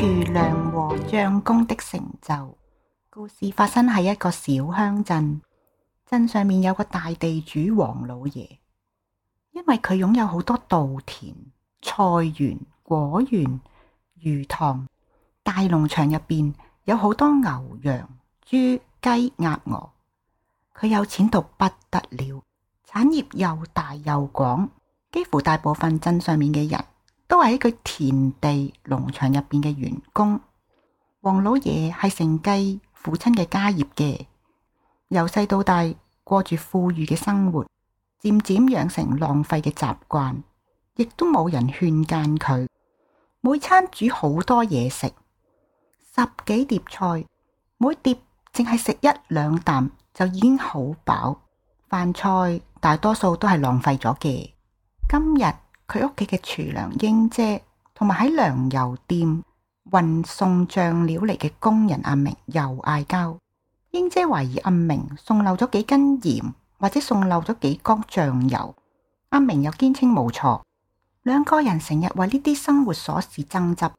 廚娘和漿工的成就。故事發生喺一個小鄉鎮，鎮上面有個大地主王老爺，因為佢擁有好多稻田、菜園、果園、魚塘，大農場入邊有好多牛、羊、豬、雞、鴨、鵝，佢有錢到不得了，產業又大又廣，幾乎大部分鎮上面嘅人。都係喺佢田地農場入邊嘅員工。黃老爺係承繼父親嘅家業嘅，由細到大過住富裕嘅生活，漸漸養成浪費嘅習慣，亦都冇人勸諫佢。每餐煮好多嘢食，十幾碟菜，每碟淨係食一兩啖就已經好飽，飯菜大多數都係浪費咗嘅。今日。佢屋企嘅廚娘英姐同埋喺糧油店運送醬料嚟嘅工人阿明又嗌交，英姐懷疑阿明送漏咗幾斤鹽或者送漏咗幾缸醬油，阿明又堅稱冇錯。兩個人成日為呢啲生活瑣事爭執，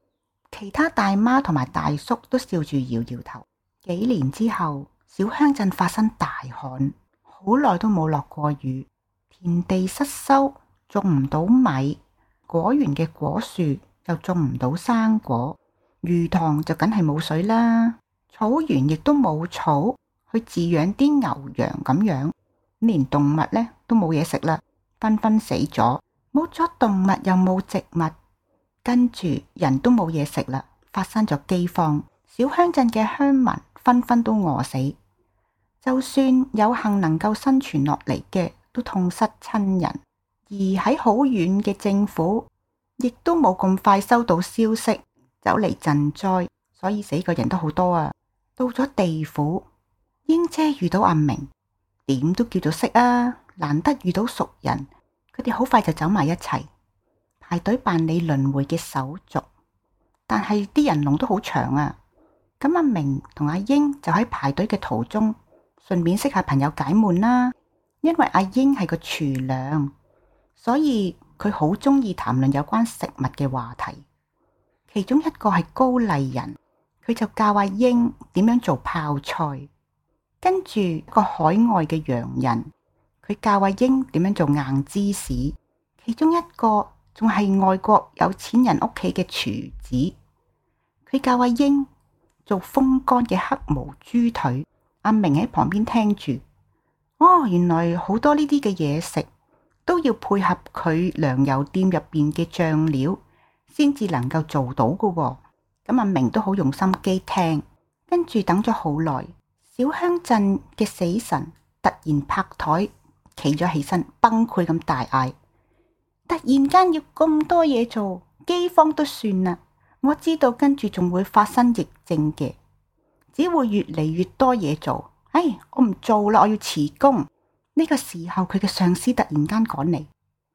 其他大媽同埋大叔都笑住搖搖頭。幾年之後，小鄉鎮發生大旱，好耐都冇落過雨，田地失收。種唔到米，果園嘅果樹又種唔到生果，魚塘就梗係冇水啦。草原亦都冇草去飼養啲牛羊咁樣，連動物呢都冇嘢食啦，紛紛死咗。冇咗動物又冇植物，跟住人都冇嘢食啦，發生咗饑荒。小鄉鎮嘅鄉民紛紛都餓死，就算有幸能夠生存落嚟嘅，都痛失親人。而喺好遠嘅政府，亦都冇咁快收到消息，走嚟賑災，所以死個人都好多啊。到咗地府，英姐遇到阿明，點都叫做識啊，難得遇到熟人，佢哋好快就走埋一齊排隊辦理輪迴嘅手續。但係啲人龍都好長啊，咁阿明同阿英就喺排隊嘅途中，順便識下朋友解悶啦。因為阿英係個廚娘。所以佢好中意談論有關食物嘅話題，其中一個係高麗人，佢就教阿英點樣做泡菜，跟住一個海外嘅洋人，佢教阿英點樣做硬芝士，其中一個仲係外國有錢人屋企嘅廚子，佢教阿英做風乾嘅黑毛豬腿。阿明喺旁邊聽住，哦，原來好多呢啲嘅嘢食，都要配合佢糧油店入邊嘅醬料，先至能夠做到嘅、哦。咁、啊、阿明都好用心機聽，跟住等咗好耐，小鄉鎮嘅死神突然拍台，企咗起身，崩潰咁大嗌：突然間要咁多嘢做，飢荒都算啦。我知道跟住仲會發生疫症嘅，只會越嚟越多嘢做。唉、哎，我唔做啦，我要辭工。呢個時候，佢嘅上司突然間趕嚟，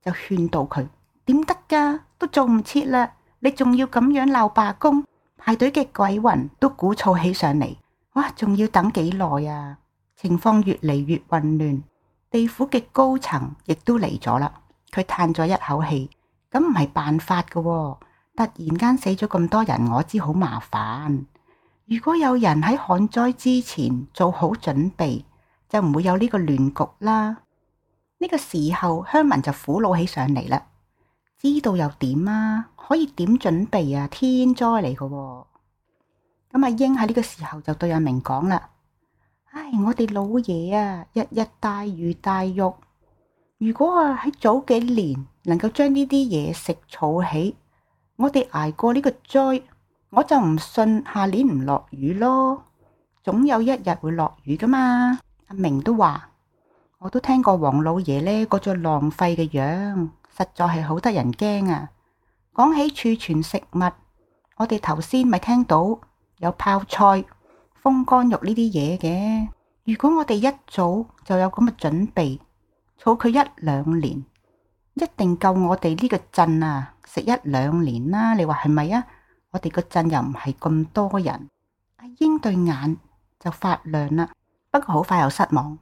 就勸導佢：，點得噶，都做唔切啦，你仲要咁樣鬧罷工，排隊嘅鬼魂都鼓噪起上嚟，哇，仲要等幾耐啊？情況越嚟越混亂，地府嘅高層亦都嚟咗啦。佢嘆咗一口氣：，咁唔係辦法噶喎。突然間死咗咁多人，我知好麻煩。如果有人喺旱災之前做好準備。就唔會有呢個亂局啦。呢、這個時候鄉民就苦惱起上嚟啦。知道又點啊？可以點準備啊？天災嚟噶，咁阿英喺呢個時候就對阿明講啦：，唉、哎，我哋老爺啊，日日大魚大肉。如果啊喺早幾年能夠將呢啲嘢食儲起，我哋捱過呢個災，我就唔信下年唔落雨咯。總有一日會落雨噶嘛。明都話，我都聽過王老爺呢嗰種、那個、浪費嘅樣，實在係好得人驚啊！講起儲存食物，我哋頭先咪聽到有泡菜、風乾肉呢啲嘢嘅。如果我哋一早就有咁嘅準備，儲佢一兩年，一定夠我哋呢個鎮啊食一兩年啦、啊！你話係咪啊？我哋個鎮又唔係咁多人，阿英對眼就發亮啦。不過好快又失望，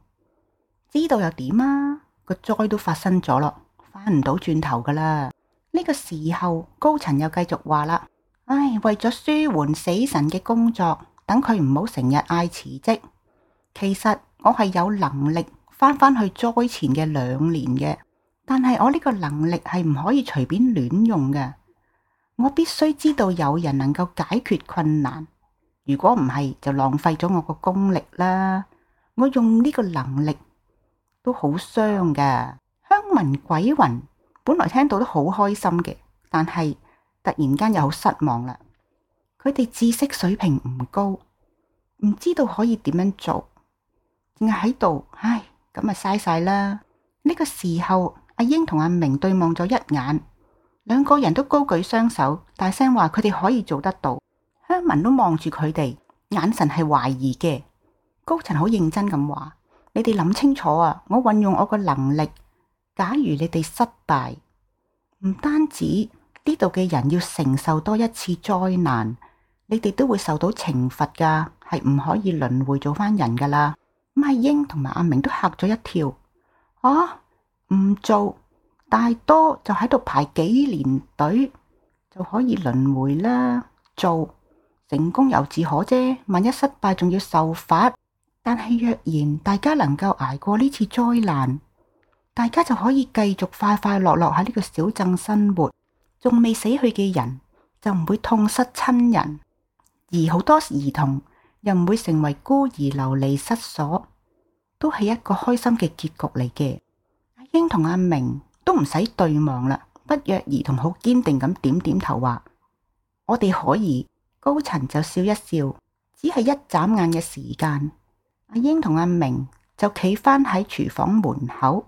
知道又點啊？個災都發生咗咯，翻唔到轉頭噶啦。呢個時候高層又繼續話啦，唉，為咗舒緩死神嘅工作，等佢唔好成日嗌辭職。其實我係有能力翻返去災前嘅兩年嘅，但係我呢個能力係唔可以隨便亂用嘅。我必須知道有人能夠解決困難，如果唔係就浪費咗我個功力啦。我用呢個能力都好傷噶鄉民鬼魂本來聽到都好開心嘅，但係突然間又好失望啦。佢哋知識水平唔高，唔知道可以點樣做，淨係喺度唉，咁啊嘥，晒啦。呢個時候，阿英同阿明對望咗一眼，兩個人都高舉雙手，大聲話佢哋可以做得到。鄉民都望住佢哋，眼神係懷疑嘅。高層好認真咁話：你哋諗清楚啊！我運用我個能力，假如你哋失敗，唔單止呢度嘅人要承受多一次災難，你哋都會受到懲罰噶，係唔可以輪回做翻人噶啦。阿英同埋阿明都吓咗一跳，啊！唔做大多就喺度排幾年隊就可以輪回啦。做成功又自可啫，萬一失敗仲要受罰。但係若然大家能夠挨過呢次災難，大家就可以繼續快快樂樂喺呢個小鎮生活。仲未死去嘅人就唔會痛失親人，而好多兒童又唔會成為孤兒流離失所，都係一個開心嘅結局嚟嘅。阿英同阿明都唔使對望啦，不約而同好堅定咁點點頭話：我哋可以。高層就笑一笑，只係一眨眼嘅時間。阿英同阿明就企翻喺廚房門口，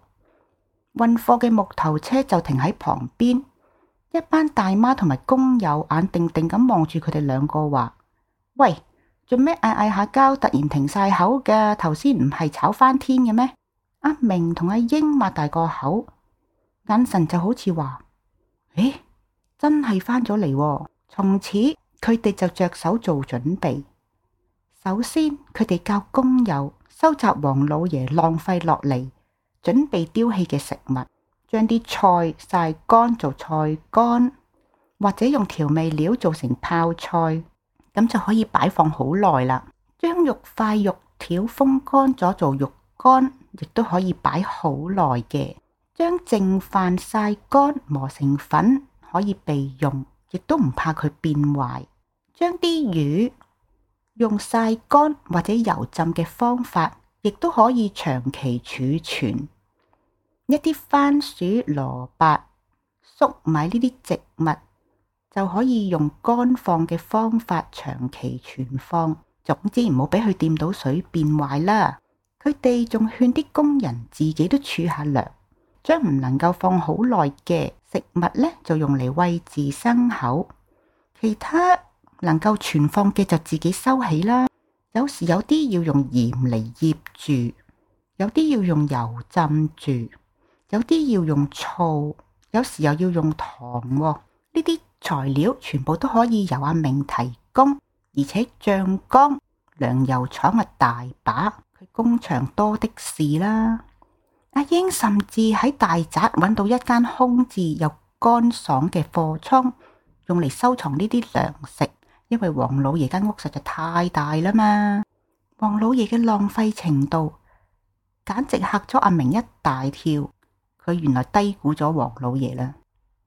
運貨嘅木頭車就停喺旁邊，一班大媽同埋工友眼定定咁望住佢哋兩個，話：喂，做咩嗌嗌下交，突然停晒口嘅？頭先唔係炒翻天嘅咩？阿明同阿英擘大個口，眼神就好似話：誒、欸，真係翻咗嚟。從此佢哋就着手做準備。首先，佢哋教工友收集王老爺浪費落嚟，準備丟棄嘅食物，將啲菜曬乾做菜乾，或者用調味料做成泡菜，咁就可以擺放好耐啦。將肉塊、肉條風乾咗做肉乾，亦都可以擺好耐嘅。將剩飯曬乾磨成粉，可以備用，亦都唔怕佢變壞。將啲魚。用曬乾或者油浸嘅方法，亦都可以長期儲存。一啲番薯、蘿蔔、粟米呢啲植物，就可以用乾放嘅方法長期存放。總之唔好俾佢掂到水變壞啦。佢哋仲勸啲工人自己都儲下糧，將唔能夠放好耐嘅食物呢，就用嚟餵飼牲口。其他。能夠存放嘅就自己收起啦。有時有啲要用鹽嚟腌住，有啲要用油浸住，有啲要用醋，有時又要用糖喎。呢啲材料全部都可以由阿明提供，而且醬缸、糧油廠啊，大把，佢工場多的是啦。阿英甚至喺大宅揾到一間空置又乾爽嘅貨倉，用嚟收藏呢啲糧食。因為黃老爺間屋實在太大啦嘛，黃老爺嘅浪費程度簡直嚇咗阿明一大跳。佢原來低估咗黃老爺啦。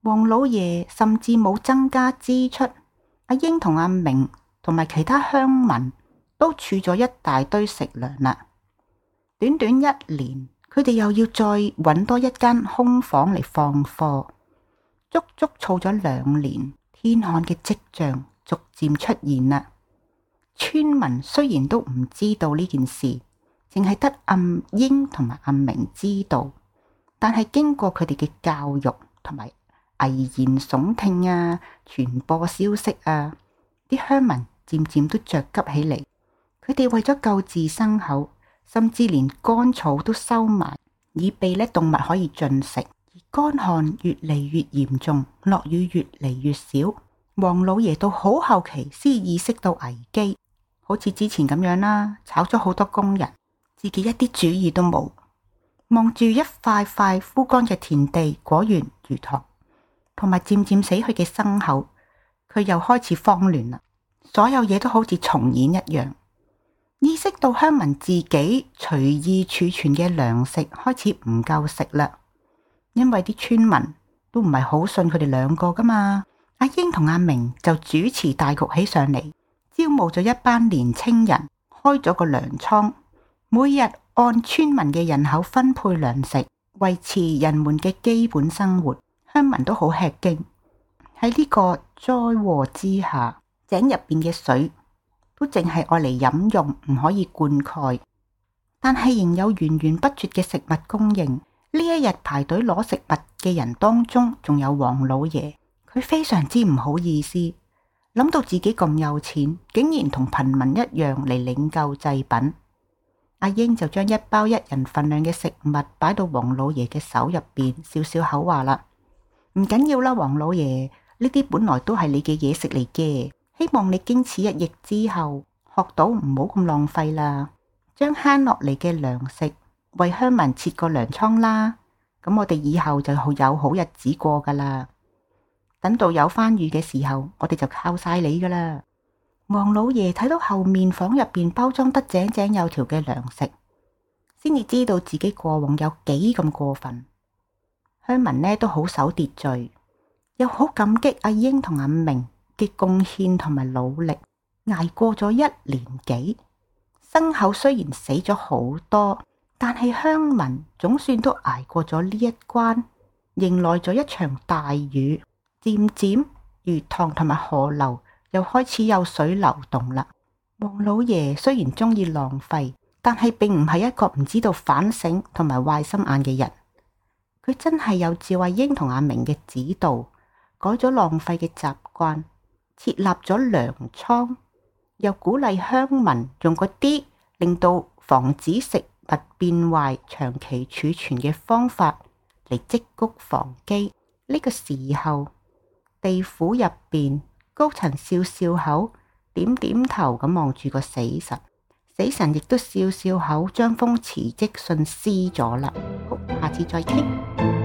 黃老爺甚至冇增加支出，阿英同阿明同埋其他鄉民都儲咗一大堆食糧啦。短短一年，佢哋又要再揾多一間空房嚟放貨，足足儲咗兩年。天旱嘅跡象。逐漸出現啦。村民雖然都唔知道呢件事，淨係得暗英同埋暗明知道。但係經過佢哋嘅教育同埋危言聳聽啊，傳播消息啊，啲鄉民漸漸都着急起嚟。佢哋為咗救濟牲口，甚至連乾草都收埋，以備呢動物可以進食。而乾旱越嚟越嚴重，落雨越嚟越少。黃老爺到好後期先意識到危機，好似之前咁樣啦，炒咗好多工人，自己一啲主意都冇。望住一塊塊枯乾嘅田地、果園、魚塘，同埋漸漸死去嘅牲口，佢又開始慌亂啦。所有嘢都好似重演一樣。意識到鄉民自己隨意儲存嘅糧食開始唔夠食啦，因為啲村民都唔係好信佢哋兩個噶嘛。阿英同阿明就主持大局起上嚟，招募咗一班年青人，開咗個糧倉，每日按村民嘅人口分配糧食，維持人們嘅基本生活。鄉民都好吃驚。喺呢個災禍之下，井入邊嘅水都淨係愛嚟飲用，唔可以灌溉，但係仍有源源不絕嘅食物供應。呢一日排隊攞食物嘅人當中，仲有王老爺。佢非常之唔好意思，諗到自己咁有錢，竟然同貧民一樣嚟領救濟品。阿英就將一包一人份量嘅食物擺到黃老爺嘅手入邊，笑笑口話啦：唔緊要啦，黃老爺，呢啲本來都係你嘅嘢食嚟嘅。希望你經此一役之後，學到唔好咁浪費啦，將慳落嚟嘅糧食為鄉民設個糧倉啦。咁我哋以後就有好日子過噶啦。等到有番雨嘅時候，我哋就靠晒你噶啦。黃老爺睇到後面房入邊包裝得井井有條嘅糧食，先至知道自己過往有幾咁過分。鄉民呢都好守秩序，又好感激阿英同阿明嘅貢獻同埋努力，挨過咗一年幾，牲口雖然死咗好多，但係鄉民總算都挨過咗呢一關，迎來咗一場大雨。漸漸魚塘同埋河流又開始有水流動啦。黃老爺雖然中意浪費，但係並唔係一個唔知道反省同埋壞心眼嘅人。佢真係有趙慧英同阿明嘅指導，改咗浪費嘅習慣，設立咗糧倉，又鼓勵鄉民用嗰啲令到防止食物變壞、長期儲存嘅方法嚟積穀防飢。呢個時候。地府入邊，高層笑笑口，點點頭咁望住個死神，死神亦都笑笑口，將封辭職信撕咗啦。好，下次再傾。